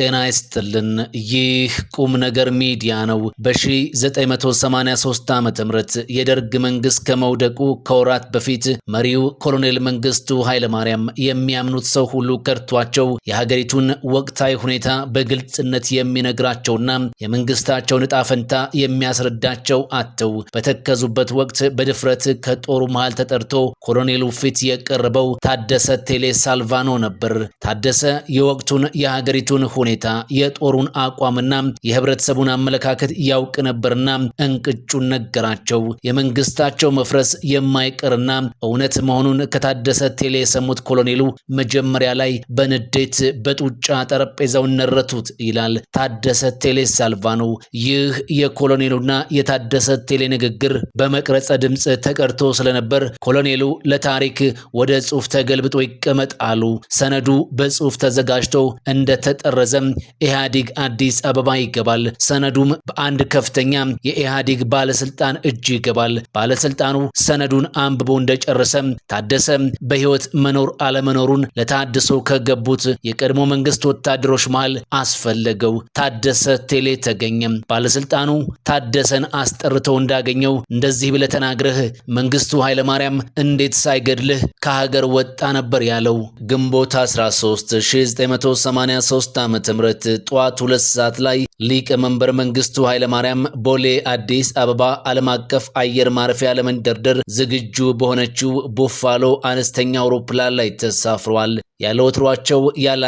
ጤና ይስጥልን። ይህ ቁም ነገር ሚዲያ ነው። በ1983 ዓ ም የደርግ መንግስት ከመውደቁ ከወራት በፊት መሪው ኮሎኔል መንግስቱ ኃይለማርያም የሚያምኑት ሰው ሁሉ ከድቷቸው የሀገሪቱን ወቅታዊ ሁኔታ በግልጽነት የሚነግራቸውና የመንግስታቸውን ዕጣ ፈንታ የሚያስረዳቸው አተው። በተከዙበት ወቅት በድፍረት ከጦሩ መሃል ተጠርቶ ኮሎኔሉ ፊት የቀረበው ታደሰ ቴሌ ሳልቫኖ ነበር። ታደሰ የወቅቱን የሀገሪቱን ሁኔታ ሁኔታ የጦሩን አቋምና የህብረተሰቡን አመለካከት ያውቅ ነበርና እንቅጩን ነገራቸው። የመንግስታቸው መፍረስ የማይቀርና እውነት መሆኑን ከታደሰ ቴሌ የሰሙት ኮሎኔሉ መጀመሪያ ላይ በንዴት በጡጫ ጠረጴዛውን ነረቱት ይላል ታደሰ ቴሌ ሳልቫ ነው። ይህ የኮሎኔሉና የታደሰ ቴሌ ንግግር በመቅረጸ ድምፅ ተቀድቶ ስለነበር ኮሎኔሉ ለታሪክ ወደ ጽሑፍ ተገልብጦ ይቀመጥ አሉ። ሰነዱ በጽሑፍ ተዘጋጅቶ እንደተጠረዘ ገለጸም ኢህአዲግ አዲስ አበባ ይገባል። ሰነዱም በአንድ ከፍተኛ የኢህአዲግ ባለስልጣን እጅ ይገባል። ባለስልጣኑ ሰነዱን አንብቦ እንደጨረሰ ታደሰ በህይወት መኖር አለመኖሩን ለታድሶ ከገቡት የቀድሞ መንግስት ወታደሮች መሃል አስፈለገው። ታደሰ ቴሌ ተገኘ። ባለስልጣኑ ታደሰን አስጠርተው እንዳገኘው እንደዚህ ብለ ተናግረህ መንግስቱ ኃይለማርያም እንዴት ሳይገድልህ ከሀገር ወጣ ነበር ያለው ግንቦት 13 1983 ዓ ም ጠዋት ሁለት ሰዓት ላይ ሊቀመንበር መንግስቱ ኃይለማርያም ቦሌ አዲስ አበባ ዓለም አቀፍ አየር ማረፊያ ለመንደርደር ዝግጁ በሆነችው ቡፋሎ አነስተኛ አውሮፕላን ላይ ተሳፍረዋል። ያለ ወትሯቸው ያለ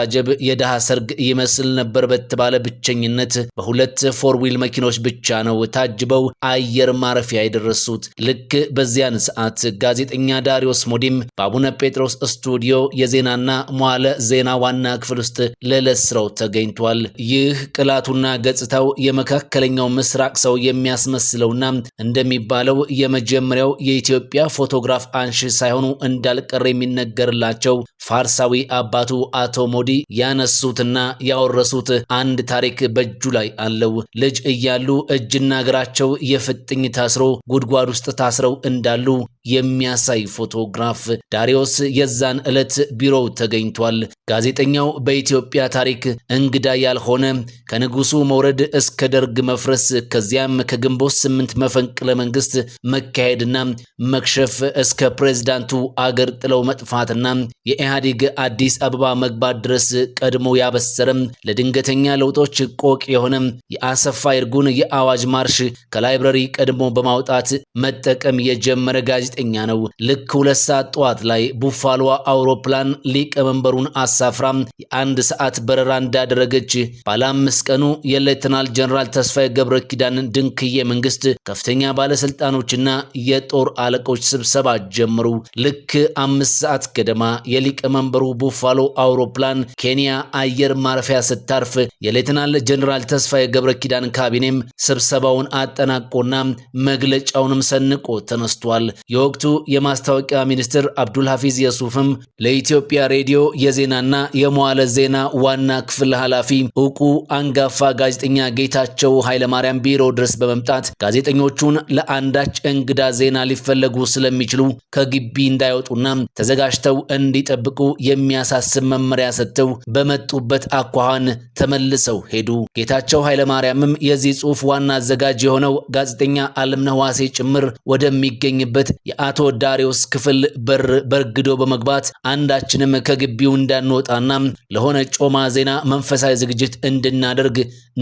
አጀብ የድሃ ሰርግ ይመስል ነበር በተባለ ብቸኝነት በሁለት ፎርዊል መኪኖች ብቻ ነው ታጅበው አየር ማረፊያ የደረሱት። ልክ በዚያን ሰዓት ጋዜጠኛ ዳሪዮስ ሞዲም በአቡነ ጴጥሮስ ስቱዲዮ የዜናና መዋለ ዜና ዋና ክፍል ውስጥ ለለ ስራው ተገኝቷል። ይህ ቅላቱና ገጽታው የመካከለኛው ምስራቅ ሰው የሚያስመስለውና እንደሚባለው የመጀመሪያው የኢትዮጵያ ፎቶግራፍ አንሺ ሳይሆኑ እንዳልቀር የሚነገርላቸው ፋርሳዊ አባቱ አቶ ሞዲ ያነሱትና ያወረሱት አንድ ታሪክ በእጁ ላይ አለው። ልጅ እያሉ እጅና እግራቸው የፍጥኝ ታስሮ ጉድጓድ ውስጥ ታስረው እንዳሉ የሚያሳይ ፎቶግራፍ ዳሪዮስ የዛን ዕለት ቢሮው ተገኝቷል። ጋዜጠኛው በኢትዮጵያ ታሪክ እንግዳ ያልሆነ ከንጉሱ መውረድ እስከ ደርግ መፍረስ ከዚያም ከግንቦት ስምንት መፈንቅለ መንግስት መካሄድና መክሸፍ እስከ ፕሬዝዳንቱ አገር ጥለው መጥፋትና የኢህአዴግ አዲስ አበባ መግባት ድረስ ቀድሞ ያበሰረም ለድንገተኛ ለውጦች ቆቅ የሆነ የአሰፋ ይርጉን የአዋጅ ማርሽ ከላይብረሪ ቀድሞ በማውጣት መጠቀም የጀመረ ጋዜ ጋዜጠኛ ነው። ልክ ሁለት ሰዓት ጠዋት ላይ ቡፋሎ አውሮፕላን ሊቀመንበሩን አሳፍራ የአንድ ሰዓት በረራ እንዳደረገች ባለ አምስት ቀኑ የሌተናል ጀኔራል ተስፋዬ ገብረ ኪዳን ድንክዬ መንግስት ከፍተኛ ባለስልጣኖችና የጦር አለቆች ስብሰባ ጀምሩ። ልክ አምስት ሰዓት ገደማ የሊቀመንበሩ ቡፋሎ አውሮፕላን ኬንያ አየር ማረፊያ ስታርፍ የሌተናል ጀኔራል ተስፋዬ ገብረ ኪዳን ካቢኔም ስብሰባውን አጠናቆና መግለጫውንም ሰንቆ ተነስቷል። የወቅቱ የማስታወቂያ ሚኒስትር አብዱልሐፊዝ የሱፍም ለኢትዮጵያ ሬዲዮ የዜናና የመዋለ ዜና ዋና ክፍል ኃላፊ እውቁ አንጋፋ ጋዜጠኛ ጌታቸው ኃይለማርያም ቢሮ ድረስ በመምጣት ጋዜጠኞቹን ለአንዳች እንግዳ ዜና ሊፈለጉ ስለሚችሉ ከግቢ እንዳይወጡና ተዘጋጅተው እንዲጠብቁ የሚያሳስብ መመሪያ ሰጥተው በመጡበት አኳኋን ተመልሰው ሄዱ። ጌታቸው ኃይለማርያምም የዚህ ጽሑፍ ዋና አዘጋጅ የሆነው ጋዜጠኛ አለምነህ ዋሴ ጭምር ወደሚገኝበት የአቶ ዳሪዎስ ክፍል በር በርግዶ በመግባት አንዳችንም ከግቢው እንዳንወጣና ለሆነ ጮማ ዜና መንፈሳዊ ዝግጅት እንድናደርግ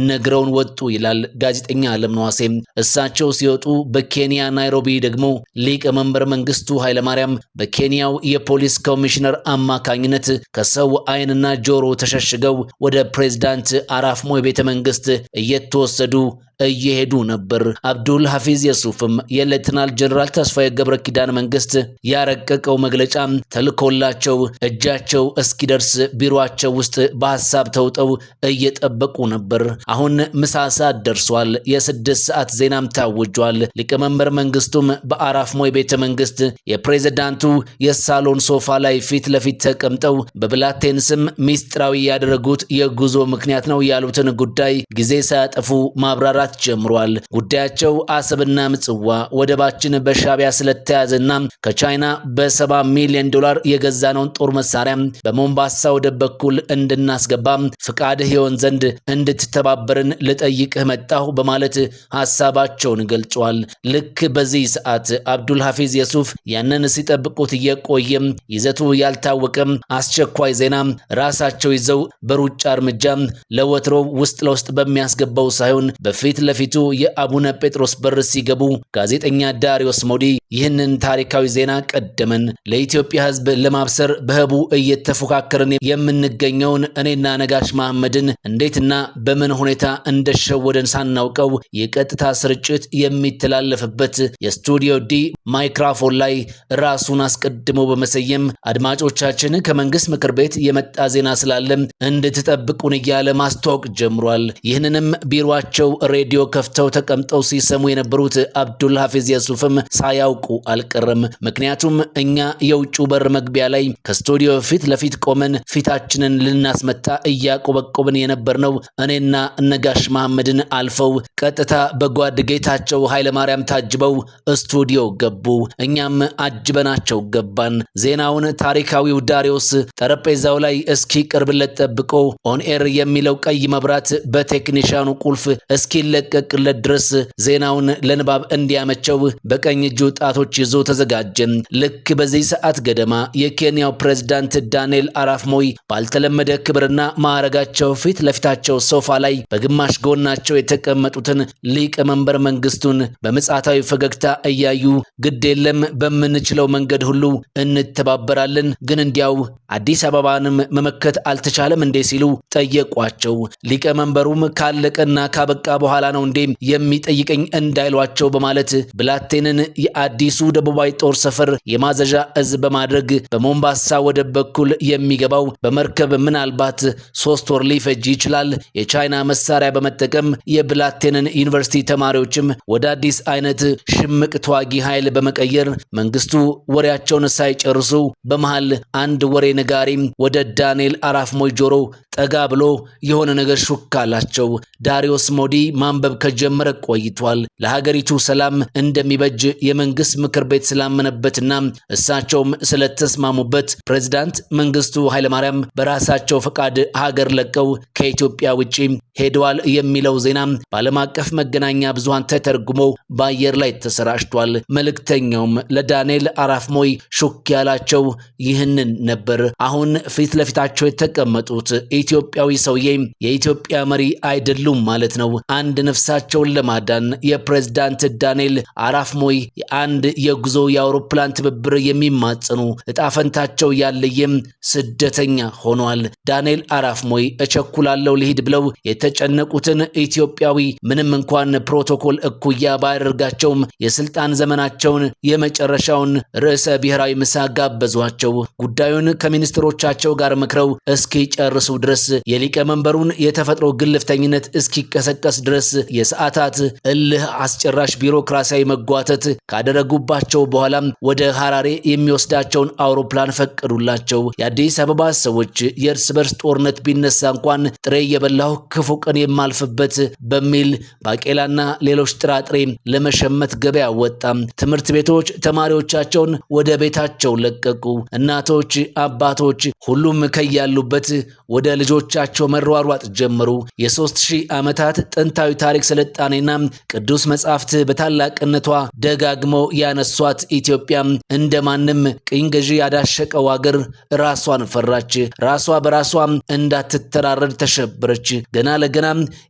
ነግረውን ወጡ ይላል ጋዜጠኛ አለም ነዋሴ። እሳቸው ሲወጡ በኬንያ ናይሮቢ ደግሞ ሊቀመንበር መንግስቱ ኃይለማርያም በኬንያው የፖሊስ ኮሚሽነር አማካኝነት ከሰው አይንና ጆሮ ተሸሽገው ወደ ፕሬዝዳንት አራፍሞ የቤተ መንግስት እየተወሰዱ እየሄዱ ነበር። አብዱል ሐፊዝ የሱፍም የሌትናል ጀነራል ተስፋዬ ገብረ ኪዳን መንግስት ያረቀቀው መግለጫ ተልኮላቸው እጃቸው እስኪደርስ ቢሮቸው ውስጥ በሀሳብ ተውጠው እየጠበቁ ነበር። አሁን ምሳ ሰዓት ደርሷል። የስድስት ሰዓት ዜናም ታውጇል። ሊቀመንበር መንግስቱም በአራፍሞይ ቤተ መንግስት የፕሬዝዳንቱ የሳሎን ሶፋ ላይ ፊት ለፊት ተቀምጠው በብላቴን ስም ሚስጥራዊ ያደረጉት የጉዞ ምክንያት ነው ያሉትን ጉዳይ ጊዜ ሳያጠፉ ማብራራት መውጣት ጀምሯል። ጉዳያቸው አሰብና ምጽዋ ወደባችን በሻቢያ ስለተያዘና ከቻይና በሰባ ሚሊዮን ዶላር የገዛነውን ጦር መሳሪያ በሞምባሳ ወደብ በኩል እንድናስገባ ፍቃድህ ይሆን ዘንድ እንድትተባበርን ልጠይቅህ መጣሁ በማለት ሀሳባቸውን ገልጿል። ልክ በዚህ ሰዓት አብዱል ሐፊዝ የሱፍ ያንን ሲጠብቁት እየቆየም ይዘቱ ያልታወቀም አስቸኳይ ዜና ራሳቸው ይዘው በሩጫ እርምጃ ለወትሮው ውስጥ ለውስጥ በሚያስገባው ሳይሆን በፊት ፊት ለፊቱ የአቡነ ጴጥሮስ በር ሲገቡ ጋዜጠኛ ዳሪዮስ ሞዲ ይህንን ታሪካዊ ዜና ቀደመን። ለኢትዮጵያ ሕዝብ ለማብሰር በህቡ እየተፎካከርን የምንገኘውን እኔና ነጋሽ መሐመድን እንዴትና በምን ሁኔታ እንደሸወደን ሳናውቀው የቀጥታ ስርጭት የሚተላለፍበት የስቱዲዮ ዲ ማይክራፎን ላይ ራሱን አስቀድሞ በመሰየም አድማጮቻችን ከመንግስት ምክር ቤት የመጣ ዜና ስላለም እንድትጠብቁን እያለ ማስተዋወቅ ጀምሯል። ይህንንም ቢሮቸው ሬዲዮ ሬዲዮ ከፍተው ተቀምጠው ሲሰሙ የነበሩት አብዱል ሐፊዝ የሱፍም ሳያውቁ አልቀረም። ምክንያቱም እኛ የውጩ በር መግቢያ ላይ ከስቱዲዮ ፊት ለፊት ቆመን ፊታችንን ልናስመታ እያቆበቆብን የነበርነው እኔና እነጋሽ መሐመድን አልፈው ቀጥታ በጓድ ጌታቸው ኃይለማርያም ታጅበው ስቱዲዮ ገቡ። እኛም አጅበናቸው ገባን። ዜናውን ታሪካዊው ዳሪዮስ ጠረጴዛው ላይ እስኪ ቅርብለት ጠብቆ ኦንኤር የሚለው ቀይ መብራት በቴክኒሽያኑ ቁልፍ እስኪለ እስኪለቀቅለት ድረስ ዜናውን ለንባብ እንዲያመቸው በቀኝ እጁ ጣቶች ይዞ ተዘጋጀ። ልክ በዚህ ሰዓት ገደማ የኬንያው ፕሬዝዳንት ዳንኤል አራፍ ሞይ ባልተለመደ ክብርና ማዕረጋቸው ፊት ለፊታቸው ሶፋ ላይ በግማሽ ጎናቸው የተቀመጡትን ሊቀመንበር መንግስቱን በምጻታዊ ፈገግታ እያዩ ግድ የለም በምንችለው መንገድ ሁሉ እንተባበራለን፣ ግን እንዲያው አዲስ አበባንም መመከት አልተቻለም እንዴ ሲሉ ጠየቋቸው። ሊቀመንበሩም ካለቀና ካበቃ በኋላ ነው እንዴ የሚጠይቀኝ እንዳይሏቸው በማለት ብላቴንን የአዲሱ ደቡባዊ ጦር ሰፈር የማዘዣ እዝ በማድረግ በሞምባሳ ወደብ በኩል የሚገባው በመርከብ ምናልባት ሶስት ወር ሊፈጅ ይችላል። የቻይና መሳሪያ በመጠቀም የብላቴንን ዩኒቨርሲቲ ተማሪዎችም ወደ አዲስ አይነት ሽምቅ ተዋጊ ኃይል በመቀየር መንግስቱ ወሬያቸውን ሳይጨርሱ በመሃል አንድ ወሬ ነጋሪም ወደ ዳንኤል አራፍሞይ ጆሮ ጠጋ ብሎ የሆነ ነገር ሹካላቸው ዳሪዮስ ሞዲ ማንበብ ከጀመረ ቆይቷል። ለሀገሪቱ ሰላም እንደሚበጅ የመንግስት ምክር ቤት ስላመነበትና እሳቸውም ስለተስማሙበት ፕሬዝዳንት መንግስቱ ኃይለማርያም በራሳቸው ፈቃድ ሀገር ለቀው ከኢትዮጵያ ውጪ ሄደዋል የሚለው ዜና በዓለም አቀፍ መገናኛ ብዙሃን ተተርጉሞ በአየር ላይ ተሰራጭቷል። መልእክተኛውም ለዳንኤል አራፍሞይ ሹክ ያላቸው ይህንን ነበር። አሁን ፊት ለፊታቸው የተቀመጡት ኢትዮጵያዊ ሰውዬ የኢትዮጵያ መሪ አይደሉም ማለት ነው። አንድ አንድ ነፍሳቸውን ለማዳን የፕሬዝዳንት ዳንኤል አራፍሞይ አንድ የጉዞ የአውሮፕላን ትብብር የሚማጽኑ እጣፈንታቸው ያለየም ስደተኛ ሆኗል። ዳንኤል አራፍሞይ እቸኩላለው ልሂድ ብለው የተጨነቁትን ኢትዮጵያዊ ምንም እንኳን ፕሮቶኮል እኩያ ባያደርጋቸውም የስልጣን ዘመናቸውን የመጨረሻውን ርዕሰ ብሔራዊ ምሳ ጋበዟቸው። ጉዳዩን ከሚኒስትሮቻቸው ጋር መክረው እስኪጨርሱ ድረስ የሊቀመንበሩን የተፈጥሮ ግልፍተኝነት እስኪቀሰቀስ ድረስ ድረስ የሰዓታት እልህ አስጨራሽ ቢሮክራሲያዊ መጓተት ካደረጉባቸው በኋላም ወደ ሐራሬ የሚወስዳቸውን አውሮፕላን ፈቀዱላቸው። የአዲስ አበባ ሰዎች የእርስ በርስ ጦርነት ቢነሳ እንኳን ጥሬ የበላው ክፉ ቀን የማልፍበት በሚል ባቄላና ሌሎች ጥራጥሬ ለመሸመት ገበያ ወጣ። ትምህርት ቤቶች ተማሪዎቻቸውን ወደ ቤታቸው ለቀቁ። እናቶች፣ አባቶች ሁሉም ከያሉበት ወደ ልጆቻቸው መሯሯጥ ጀመሩ። የሶስት ሺህ ዓመታት ጥንታዊ ታሪክ ስልጣኔና ቅዱስ መጻሕፍት በታላቅነቷ ደጋግመው ያነሷት ኢትዮጵያ እንደማንም ቅኝ ገዢ ያዳሸቀው አገር ራሷን ፈራች። ራሷ በራሷ እንዳትተራረድ ተሸበረች። ገና ለገና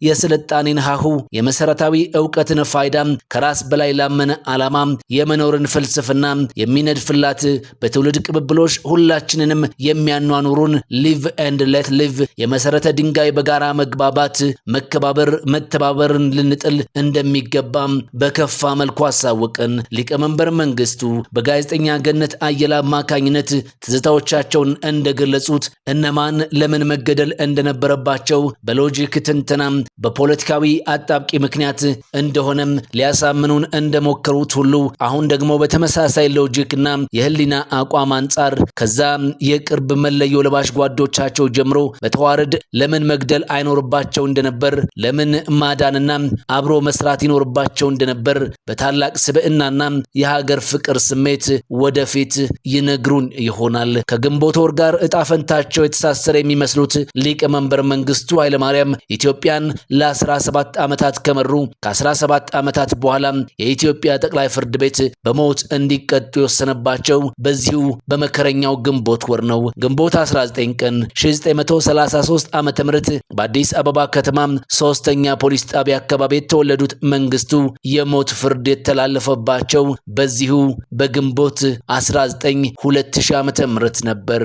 የስልጣኔን ሀሁ የመሰረታዊ እውቀትን ፋይዳ ከራስ በላይ ላመነ ዓላማ የመኖርን ፍልስፍና የሚነድፍላት በትውልድ ቅብብሎች ሁላችንንም የሚያኗኑሩን ሊቭ ኤንድ ሌት ሊቭ የመሰረተ ድንጋይ በጋራ መግባባት፣ መከባበር፣ መተባበር ማህበርን ልንጥል እንደሚገባም በከፋ መልኩ አሳወቅን። ሊቀመንበር መንግስቱ በጋዜጠኛ ገነት አየለ አማካኝነት ትዝታዎቻቸውን እንደገለጹት እነማን ለምን መገደል እንደነበረባቸው በሎጂክ ትንተናም በፖለቲካዊ አጣብቂ ምክንያት እንደሆነም ሊያሳምኑን እንደሞከሩት ሁሉ አሁን ደግሞ በተመሳሳይ ሎጂክና የህሊና አቋም አንጻር ከዛ የቅርብ መለዮ ለባሽ ጓዶቻቸው ጀምሮ በተዋረድ ለምን መግደል አይኖርባቸው እንደነበር ለምን ማዳ ምስጋንና አብሮ መስራት ይኖርባቸው እንደነበር በታላቅ ስብዕናና የሀገር ፍቅር ስሜት ወደፊት ይነግሩን ይሆናል። ከግንቦት ወር ጋር እጣ ፈንታቸው የተሳሰረ የሚመስሉት ሊቀመንበር መንግስቱ ኃይለማርያም ኢትዮጵያን ለ17 ዓመታት ከመሩ ከ17 ዓመታት በኋላ የኢትዮጵያ ጠቅላይ ፍርድ ቤት በሞት እንዲቀጡ የወሰነባቸው በዚሁ በመከረኛው ግንቦት ወር ነው። ግንቦት 19 ቀን 1933 ዓ.ም በአዲስ አበባ ከተማ ሶስተኛ ፖሊስ መካቢ አካባቢ የተወለዱት መንግስቱ የሞት ፍርድ የተላለፈባቸው በዚሁ በግንቦት 19 2000 ዓ.ም ነበር።